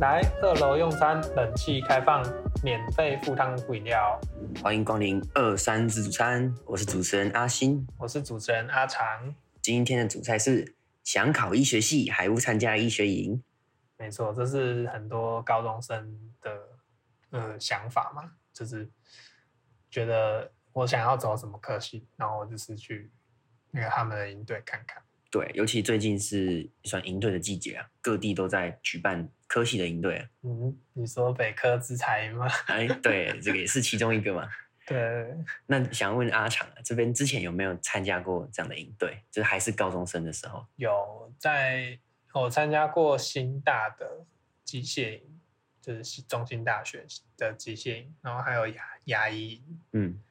來二樓用餐，冷氣開放，免費附湯飲料。歡迎光臨二三自助餐，我是主持人阿心，我是主持人阿腸。今天的主菜是想考醫學系，還不參加醫學營？沒錯，這是很多高中生的呃想法嘛，就是覺得我想要走什麼科系，然後我就是去那個他們的營隊看看。對，尤其最近是算營隊的季節啊，各地都在舉辦科系的營隊啊。嗯，你說北科之才嗎？ 哎，對，這個也是其中一個嘛。 對，那想問阿腸啊，這邊之前有沒有參加過這樣的營隊？就是還是高中生的時候。有在，我參加過新大的機械營，就是中心大學的機械營，然後還有牙牙醫。嗯，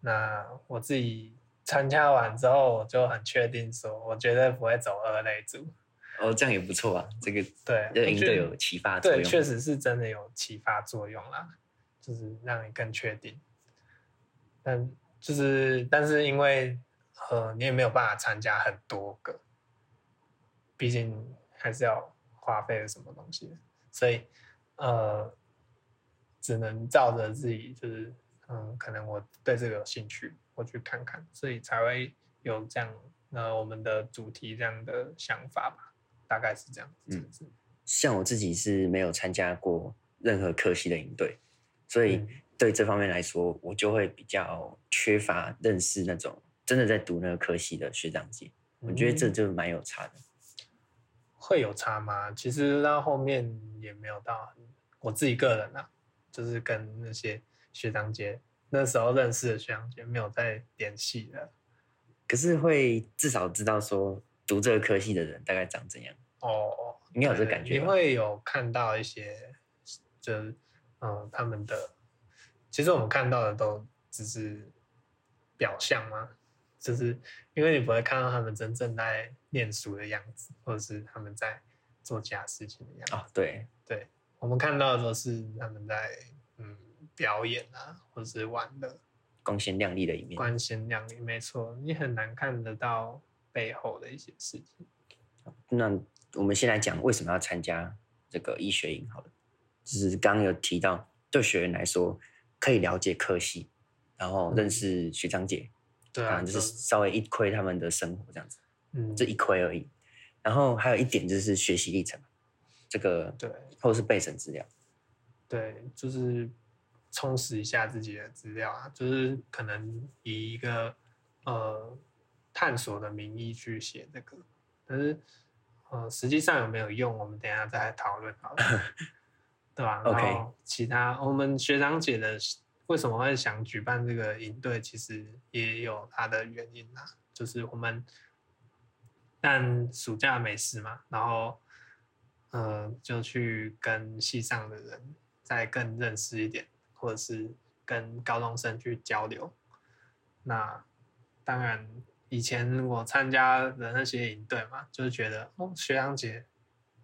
那我自己，參加完之後，我就很確定說，我絕對不會走二類組。哦，這樣也不錯啊，這個對對，有啟發作用。對，確實是真的有啟發作用啦，就是讓你更確定。但就是，但是因為呃，你也沒有辦法參加很多個，畢竟還是要花費什麼東西，所以呃，只能照着自己，就是嗯，可能我對這個有興趣。過去看看，所以才會有這樣那我們的主題這樣的想法吧，大概是這樣子。嗯、像我自己是沒有參加過任何科系的營隊，所以對這方面來說，嗯、我就會比較缺乏認識那種真的在讀那個科系的學長姐，嗯、我覺得這就蠻有差的。會有差嗎？其實到後面也沒有到我自己個人啊，就是跟那些學長姐。那時候認識的學長姐沒有再聯繫了，可是會至少知道說讀這個科系的人大概長怎樣哦，應該、oh, 有這個感覺、啊。你會有看到一些，就是、嗯，他們的，其實我們看到的都只是表象嘛？就是因為你不會看到他們真正在念書的樣子，或者是他們在做假事情的樣子、oh, 對，對我們看到的都是他們在。表演啊，或是玩的光鮮亮麗的一面，光鮮亮麗沒錯，你很難看得到背後的一些事情。那我們先來講為什麼要參加這個醫學營好了，嗯、就是剛剛有提到，對學員來說可以了解科系，然後認識學長姐、嗯，對啊，就是稍微一窺他們的生活這樣子，嗯，這一窺而已。然後還有一點就是學習歷程，這個對，或者是備審資料，對，就是。充實一下自己的資料啊，就是可能以一個呃探索的名義去寫這個，但是呃實際上有沒有用，我們等一下再討論好了，對吧？OK。其他我們學長姐的為什麼會想舉辦這個營隊，其實也有他的原因啊，就是我們但暑假沒事嘛，然後呃就去跟系上的人再更認識一點或者是跟高中生去交流，那當然以前我參加的那些營隊嘛，就是覺得哦學長姐，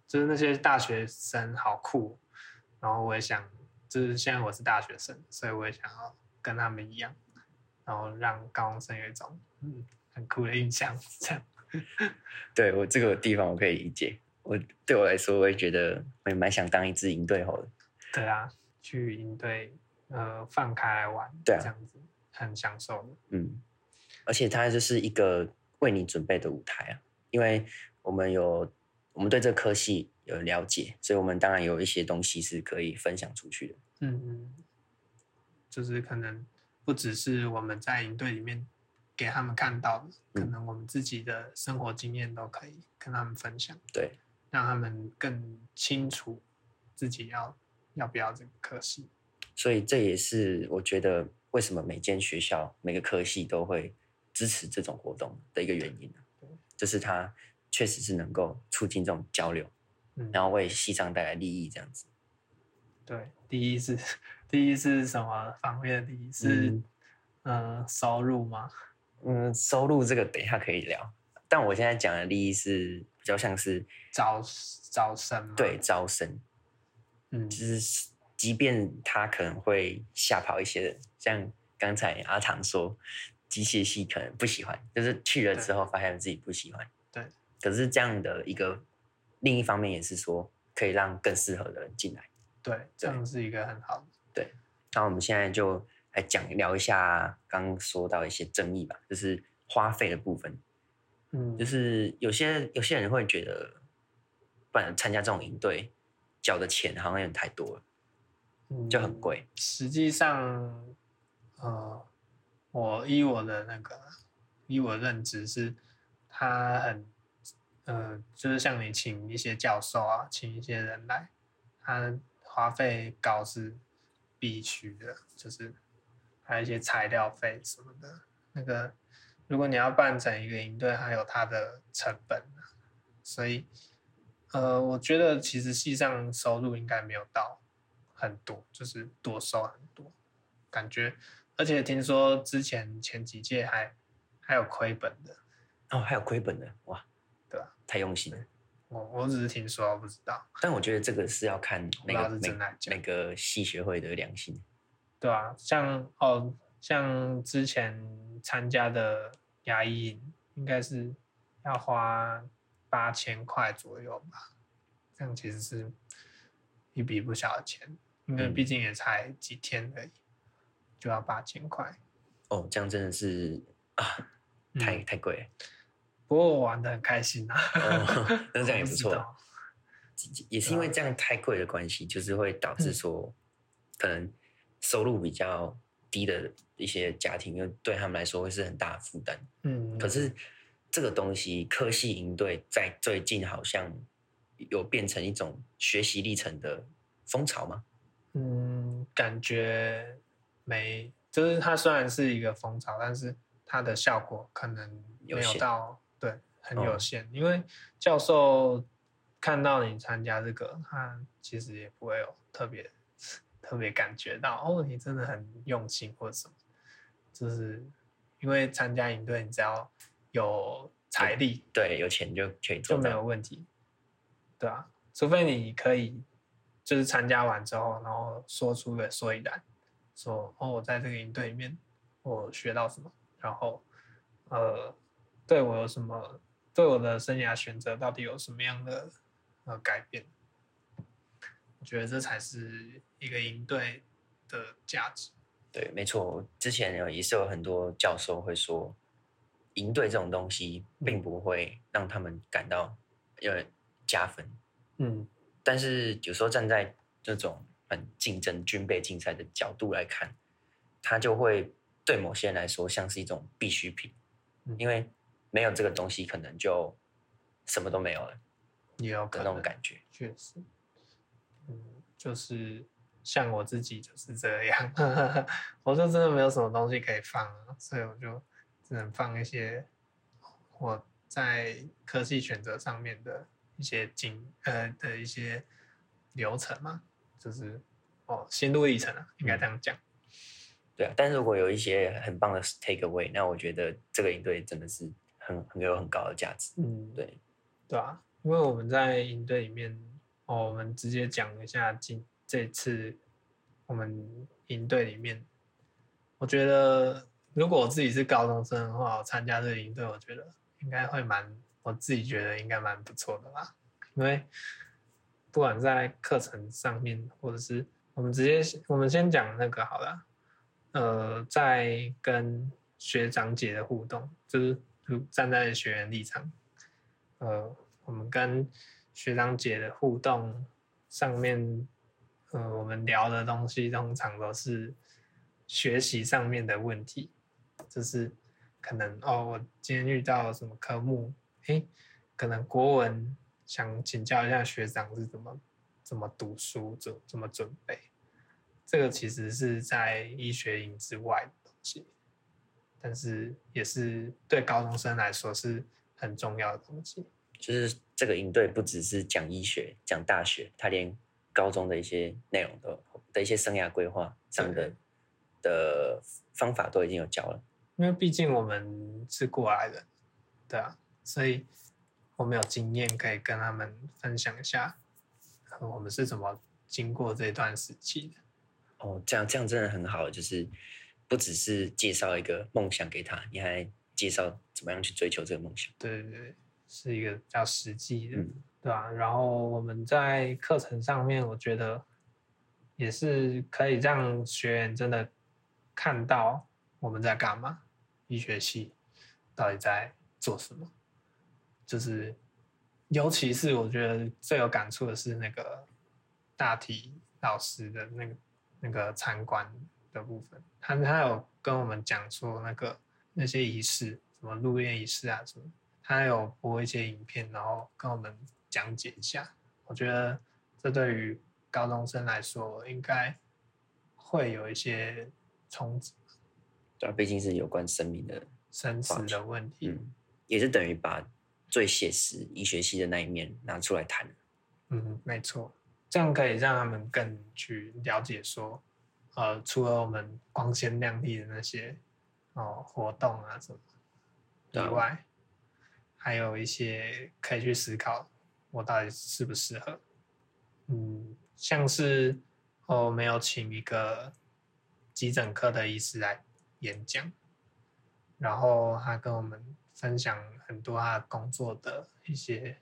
就是那些大學生好酷，然後我也想，就是現在我是大學生，所以我也想要跟他們一樣，然後讓高中生有一種嗯很酷的印象。這樣，對，我這個地方我可以理解，我對我來說我也覺得我也蠻想當一支營隊猴的。對啊，去營隊。呃，放開來玩，對啊，這樣子很享受的。嗯，而且它就是一個為你準備的舞台啊，因為我們有，我們對這科系有了解，所以我們當然有一些東西是可以分享出去的。嗯，就是可能不只是我們在營隊裡面給他們看到的，可能我們自己的生活經驗都可以跟他們分享，對，嗯，讓他們更清楚自己要要不要這個科系。所以這也是我覺得為什麼每間學校每個科系都會支持這種活動的一個原因呢？對就是它確實是能夠促進這種交流，嗯、然後為系上帶來利益這樣子。對，第一是第一是什麼方面的利益、嗯、是嗯、呃、收入嗎？嗯，收入這個等一下可以聊。但我現在講的利益是比較像是招招生嗎？對，招生，嗯、其、就是。即便他可能會嚇跑一些人，像剛才阿腸說，機械系可能不喜歡，就是去了之後發現自己不喜歡。對，對可是這樣的一個另一方面也是說，可以讓更適合的人進來。對，對這樣是一個很好的。對，那我們現在就來講一聊一下剛，剛說到一些爭議吧，就是花費的部分。嗯，就是有些有些人會覺得，不然參加這種營隊，交的錢好像有點太多了。就很貴。嗯，實際上，呃，我依我的那個，依我的認知是，他很，呃，就是像你請一些教授啊，請一些人來，他花費高是必須的，就是還有一些材料費什麼的。那個，如果你要辦成一個營隊，還有他的成本，所以，呃，我覺得其實系上收入應該沒有到。很多就是多收很多，感覺，而且聽說之前前幾屆還還有虧本的哦，還有虧本的哇，對吧，啊，太用心了，我我只是聽說，不知道。但我覺得這個是要看那個那個系學會的良心，對啊，像哦，像之前參加的牙醫營應該是要花八千塊左右吧，這樣其實是一筆不小的錢。因為畢竟也才幾天而已，就要八千塊哦，這樣真的是啊，太、嗯、太貴。不過我玩得很開心啊，那、哦、這樣也不錯。也是因為這樣太貴的關係，就是會導致說，可能收入比較低的一些家庭，又、嗯、對他們來說會是很大的負擔。嗯，可是這個東西科系營隊在最近好像有變成一種學習歷程的風潮嗎？嗯，感覺沒，就是它雖然是一個風潮，但是它的效果可能沒有到，有限。對，很有限。哦。因為教授看到你參加這個，他其實也不會有特別特別感覺到哦，你真的很用心或者什麼。就是因為參加營隊，你只要有財力對，對，有錢就可以做，就沒有問題，對啊，除非你可以。就是參加完之後，然後說出個所以然，說，說哦，我在這個營隊裡面我學到什麼，然後呃，對我有什麼對我的生涯選擇到底有什麼樣的、呃、改變？我覺得這才是一個營隊的價值。對，沒錯，之前也是有很多教授會說，營隊這種東西並不會讓他們感到有人加分，嗯。但是有時候站在這種很競爭、軍備競賽的角度來看，它就會對某些人來說像是一種必需品，因為沒有這個東西，可能就什麼都沒有了。也要有那種感覺，確實，嗯，就是像我自己就是這樣， 我就真的沒有什麼東西可以放，所以我就只能放一些我在科技選擇上面的。一些經呃的一些流程嘛，就是哦，心路歷程啊，嗯、應該這樣講。對啊，但是如果有一些很棒的 take away，那我覺得這個營隊真的是很很有很高的價值。嗯，對，對啊，因為我們在營隊裡面、哦，我們直接講一下今這次我們營隊裡面，我覺得如果我自己是高中生的話，我參加這個營隊，我覺得應該會蠻。我自己覺得應該蠻不錯的啦，因為不管在課程上面，或者是我們直接我們先講那個好了，呃，在跟學長姐的互動，就是站在學員立場，呃，我們跟學長姐的互動上面，呃，我們聊的東西通常都是學習上面的問題，就是可能哦，我今天遇到什麼科目。嘿，可能國文想請教一下學長是怎麼怎麼讀書、怎麼怎麼準備？這個其實是在醫學營之外的東西，但是也是對高中生來說是很重要的東西。就是這個營隊不只是講醫學、講大學，他連高中的一些內容都的一些生涯規劃上的對的方法都已經有教了。因為畢竟我們是過來人，對啊。所以，我們有經驗可以跟他們分享一下，我們是怎麼經過這段時期的。哦，這樣這樣真的很好的，就是不只是介紹一個夢想給他，你還介紹怎麼樣去追求這個夢想。對對，是一個比較實際的，嗯、對吧、對啊？然後我們在課程上面，我覺得也是可以讓學員真的看到我們在幹嘛，醫學系到底在做什麼。就是，尤其是我覺得最有感觸的是那個大體老師的那個那個參觀的部分，他他有跟我們講說那個那些儀式，什麼入殮儀式啊什麼，他有播一些影片，然後跟我們講解一下。我覺得這對於高中生來說應該會有一些衝突。對啊，畢竟是有關生命的生死的問題，嗯，也是等於把。最寫實醫學系的那一面拿出來談，嗯，沒錯，這樣可以讓他們更去了解說，呃，除了我們光鮮亮麗的那些哦活動啊什麼以外，對啊、還有一些可以去思考我到底適不適合。嗯，像是哦沒有請一個急診科的醫師來演講，然後他跟我們。分享很多他工作的一些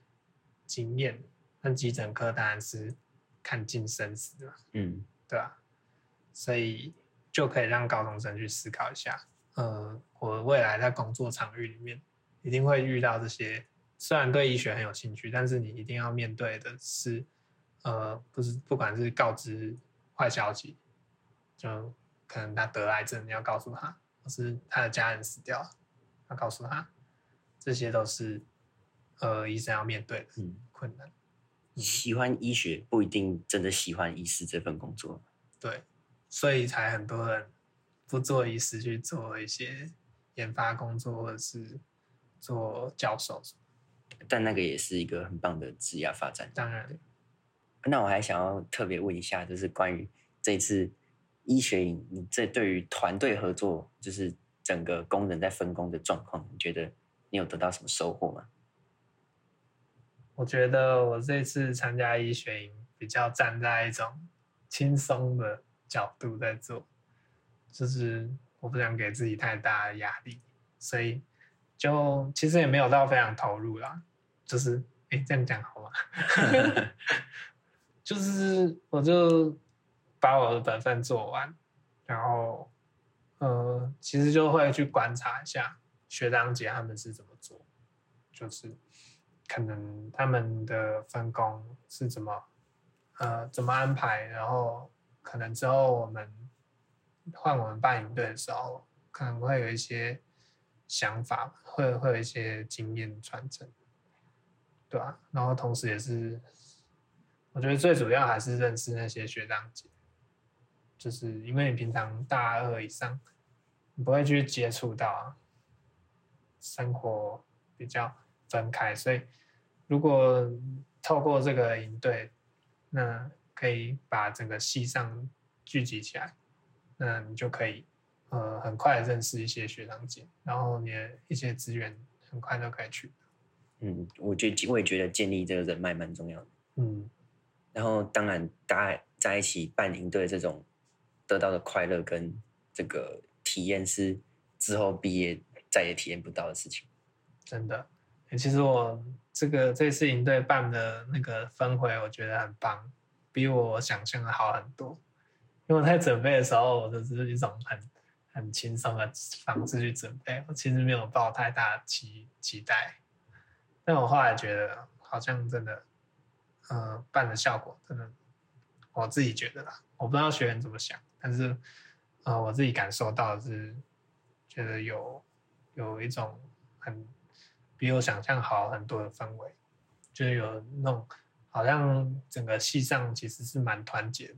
經驗，那急診科當然是看盡生死了，嗯，對啊，所以就可以讓高中生去思考一下，呃，我未來在工作場域裡面一定會遇到這些，雖然對醫學很有興趣，但是你一定要面對的是，呃，不是，不管是告知壞消息，就可能他得了癌症，你要告訴他，或是他的家人死掉了，要告訴他。這些都是，呃，醫生要面對的很困難，嗯。喜歡醫學不一定真的喜歡醫師這份工作。對，所以才很多人不做醫師去做一些研發工作，或者是做教授。但那個也是一個很棒的職業發展。當然。那我還想要特別問一下，就是關於這次醫學營，你這對於團隊合作，就是整個工人在分工的狀況，你覺得？你有得到什麼收穫嗎？我覺得我這次參加醫學營，比較站在一種輕鬆的角度在做，就是我不想給自己太大的壓力，所以就其實也沒有到非常投入啦。就是哎、欸，這樣講好嗎？ 就是我就把我的本分做完，然後呃，其實就會去觀察一下。學長姐他們是怎麼做？就是可能他們的分工是怎麼呃怎麼安排，然後可能之後我們換我們辦營隊的時候，可能會有一些想法，會會有一些經驗傳承，對吧、啊？然後同時也是我覺得最主要還是認識那些學長姐，就是因為你平常大二以上你不會去接觸到啊。生活比較分開，所以如果透過這個營隊，那可以把整個系上聚集起來，那你就可以呃很快認識一些學長姐，然後你的一些資源很快就可以去。嗯，我覺得我也覺得建立這個人脈蠻重要的。嗯，然後當然大家在一起辦營隊這種得到的快樂跟這個體驗是之後畢業再也體驗不到的事情，真的、欸。其實我這個這次營隊辦的那個分會，我覺得很棒，比我想象的好很多。因為我在準備的時候，我就是一種很很輕鬆的方式去準備，我其實沒有抱太大的期期待。但我後來覺得，好像真的，嗯、呃，辦的效果真的，我自己覺得啦。我不知道學員怎麼想，但是，呃、我自己感受到是覺得有。有一種很比我想象好很多的氛圍，就是有那種好像整個系上其實是蠻團結的，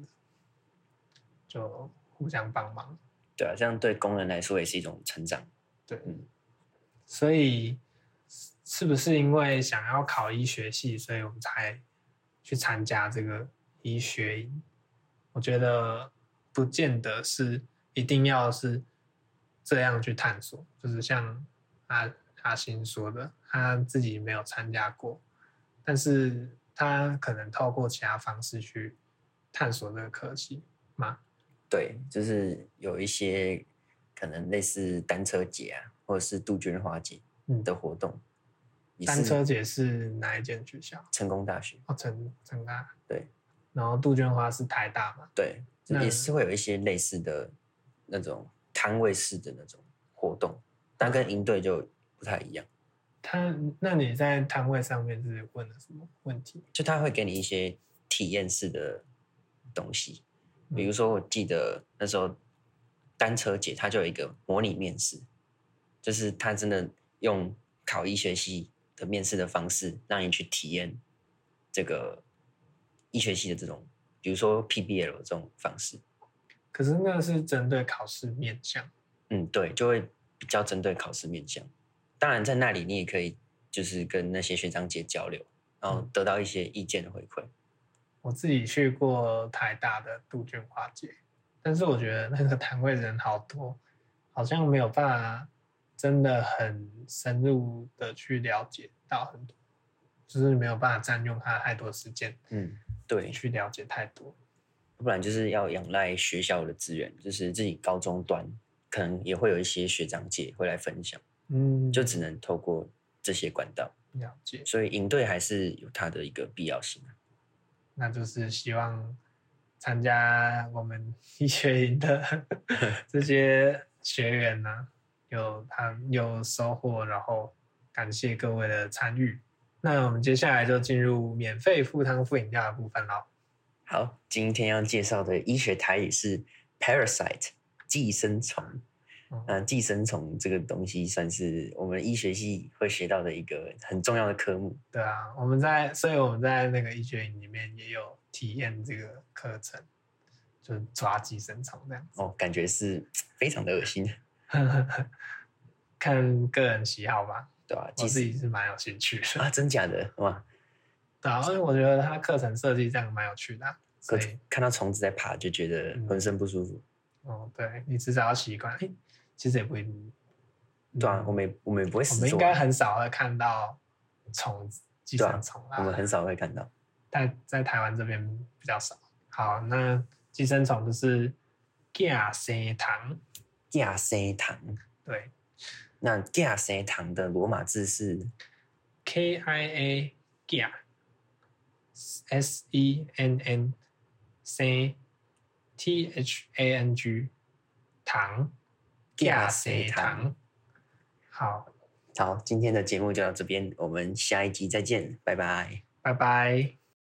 就互相幫忙。對啊，這樣對工人來說也是一種成長。對，嗯，所以是不是因為想要考醫學系，所以我們才去參加這個醫學營？我覺得不見得是一定要是。這樣去探索，就是像阿阿心說的，他自己沒有參加過，但是他可能透過其他方式去探索這個科技嗎？對，就是有一些可能類似單車節啊，或者是杜鵑花節的活動。單車節是哪一間學校？成功大學。哦，成成大。對。然後杜鵑花是台大嘛？對，也是會有一些類似的那種。攤位式的那種活動，但跟營隊就不太一樣。他，那你在攤位上面是問了什麼問題？就他會給你一些體驗式的東西，比如說我記得那時候單車節，他就有一個模擬面試，就是他真的用考醫學系的面試的方式，讓你去體驗這個醫學系的這種，比如說 PBL 這種方式。可是那是針對考試面向，嗯，對，就會比較針對考試面向。當然，在那裡你也可以就是跟那些學長姐交流，然後得到一些意見的回饋。我自己去過台大的杜鵑花節，但是我覺得那個攤位人好多，好像沒有辦法真的很深入的去了解到很多，就是沒有辦法佔用他太多時間。嗯，對，去了解太多。不然就是要仰賴學校的資源，就是自己高中端可能也會有一些學長姐會來分享，嗯，就只能透過這些管道了解。所以營隊還是有它的一個必要性。那就是希望參加我們醫學營的 這些學員呢、啊，有他有收穫，然後感謝各位的參與。那我們接下來就進入免費赴湯赴飲料的部分嘍。好，今天要介紹的醫學台語是 parasite 寄生蟲。嗯、啊，寄生蟲這個東西算是我們醫學系會學到的一個很重要的科目。對啊，我們在所以我們在那個醫學營裡面也有體驗這個課程，就抓寄生蟲這樣哦，感覺是非常的噁心。 看個人喜好吧。對啊，我自己是蠻有興趣的啊，真假的哇。好吧然後我覺得他課程設計這樣蠻有趣的、啊，對，看到蟲子在爬就覺得渾身不舒服。嗯、哦，對你至少要習慣、欸，其實也不會。對、啊嗯、我們我們也不會死坐、啊、我們應該很少會看到蟲子寄生蟲啊，啊。我們很少會看到，但在台灣這邊比較少。好，那寄生蟲就是 gia 塞糖 gia 塞糖。對，那 gia 塞糖的羅馬字是 KIAgia。K I a, S, S E N N，C T H A N G，糖，a 蔗糖，堿堿好好，今天的節目就到這邊，我們下一集再見，拜拜，拜拜。